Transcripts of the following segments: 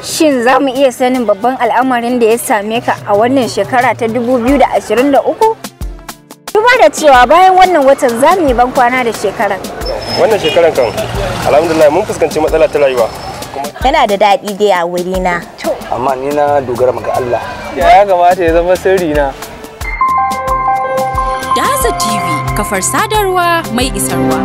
Shin za mu iya sanin babban al'amarin da ya same ka a wannan shekara ta 2023? Duba da cewa bayan wannan watan za mu yi ban kwana da shekaran. Wannan shekaran kan, alhamdulillah mun fuskanci matsala ta rayuwa. Yana da daɗi dai a wurina. Amma ni na dogara ga Allah. Ya kamata ya zama sirri na. Daza TV, kafar sadarwa mai isarwa.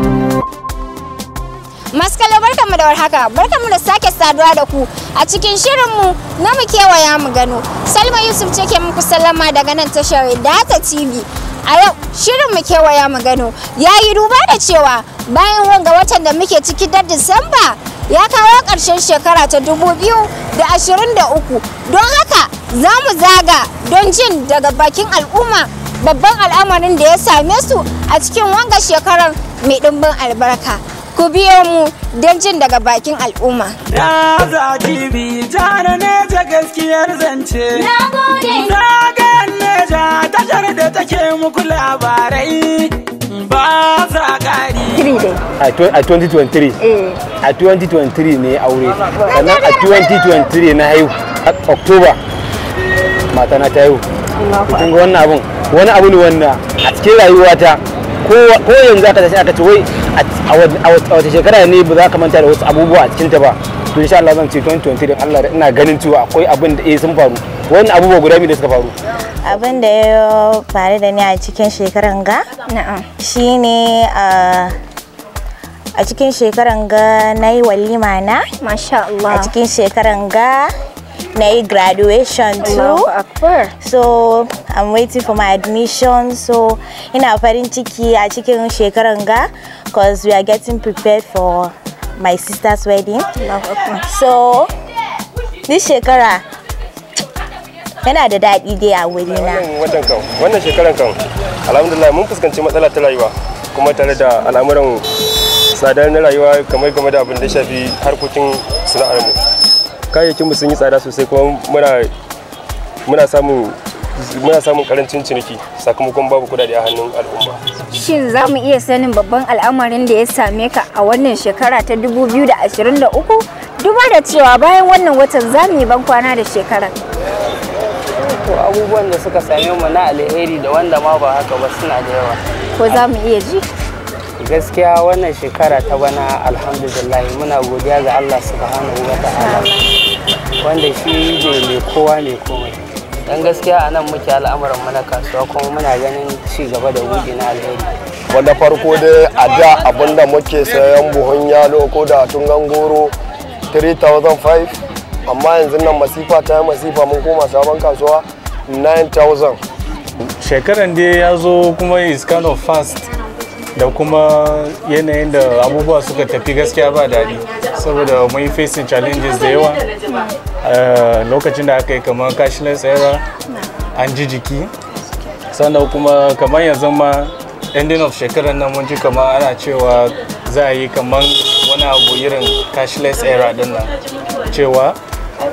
Maskalo barkanmu da warhaka, barkanmu da sake saduwa da ku a cikin shirinmu na mu kewaya mu gano. Salma Yusuf ce ke muku sallama daga nan tashar Data TV. A yau shirin mu kewaya mu gano ya yi duba da cewa bayan wanga watan da muke ciki da Disamba ya kawo ƙarshen shekara ta 2023 don haka za mu zaga don jin daga bakin al'umma babban al'amarin da ya same su a cikin wanga shekarar mai ɗimbin albarka. Ku biyo mu don jin daga bakin al'umma. Ya za TV jana ne ta gaskiyar zance. Na gode. Na ga ne ta tashar da take muku labarai. Ba za ƙari. A 2023. A 2023 eh. ne aure. Sannan a 2023 na haihu. Oktoba. na ta haihu. Kun ga wannan abun. Wani abu ne wanda a cikin rayuwata ko yanzu aka tashi aka ce wai a wata shekara ne ba za ka manta da wasu abubuwa a cikin ta ba to insha Allah zan ce 2020 din Allah ina ganin cewa akwai abin da eh sun faru wannan abubuwa guda biyu da suka faru abin da ya faru da ni a cikin shekaran ga shine uh, a cikin shekaran ga na yi walima na masha Allah a cikin shekaran ga na yi graduation too so i'm waiting for my admission so ina farin ciki a cikin shekaran ga because we are getting prepared for my sister's wedding so this shekara yana da daɗi dai a wuri na wannan kan wannan shekaran kan alhamdulillah mun fuskanci matsala ta rayuwa kuma tare da al'amuran tsadar na rayuwa kamar game da abin da shafi harkokin sana'ar mu kayayyakinmu sun yi tsada sosai kuma muna muna samun muna samun karancin ciniki sakamakon babu kudade a hannun al'umma. Shin za mu iya sanin babban al'amarin da ya same ka a wannan shekara ta 2023? Duba da cewa bayan wannan watan za mu yi ban kwana da shekarar. To abubuwan da suka same mu na alheri da wanda ma ba haka ba suna da yawa. Ko za mu iya ji? gaskiya wannan shekara ta bana alhamdulillah muna godiya ga allah subhanahu wa ta'ala wanda shi ne mai kowa mai komai dan gaskiya a nan muke al'amuran mana kasuwa kuma muna ganin ci gaba da buɗe na alheri wanda farko dai a da abinda muke sayan buhun yalo ko da tungan goro 3005 amma yanzu nan masifa ta yi masifa mun koma sabon kasuwa 9000 shekaran dai ya zo kuma is kind of fast da kuma yanayin da abubuwa suka tafi gaskiya ba daɗi saboda mun yi facing challenges da yawa eh, lokacin da aka yi kamar cashless era an ji jiki sannan kuma kamar yanzu ma ending of shekarar nan mun ji kamar ana cewa za a yi kamar wani abu irin cashless era din nan cewa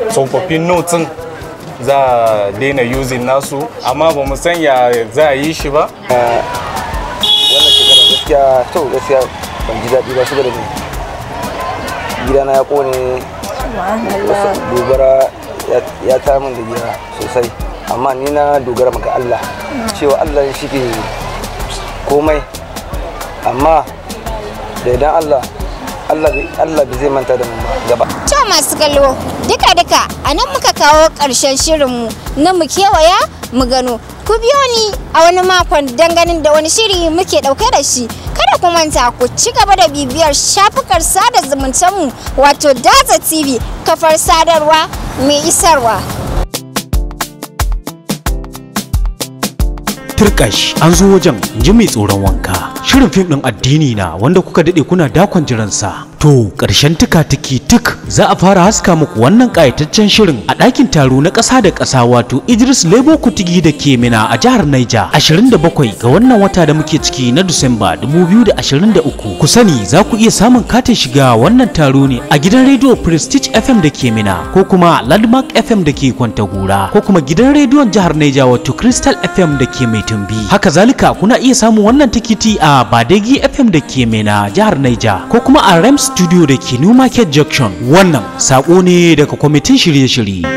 tsofaffin notin za a daina using nasu amma ba mu sanya za a yi shi ba gaskiya to gaskiya ban ji daɗi ba su gida gidana ya kone dogara ya ta min da gida sosai amma ni na dogara maka Allah cewa Allah shi ke komai amma da idan Allah Allah bai zai manta da mu gaba. To masu kallo duka-duka a nan muka kawo ƙarshen shirinmu na mu kewaya mu gano Ku biyo ni a wani makon don ganin da wani shiri muke ɗauke da shi. Kada ku manta ku ci gaba da bibiyar shafukar sada zumuntanmu wato Data TV kafar sadarwa mai isarwa. Turkash an zo wajen ji mai tsoron wanka. Shirin fim ɗin addini na wanda kuka daɗe kuna dakon jiransa. To ƙarshen tuka-tuki tuk za a fara haska muku wannan ƙayataccen shirin a ɗakin taro na ƙasa da ƙasa wato Idris Lebo Kutigi da ke Mina a jihar Naija 27 ga wannan wata da muke ciki na Disamba 2023. Ku sani za ku iya samun katin shiga wannan taro ne a gidan rediyo Prestige FM da ke Mina ko kuma Landmark FM da ke Kwantagora ko kuma gidan rediyon jihar Naija wato Crystal FM da ke Maitumbi. Haka zalika kuna iya samun wannan tikiti a Badegi FM da ke Mina jihar Naija ko kuma a Rems studio da ke new market junction wannan sako ne daga kwamitin shirye-shirye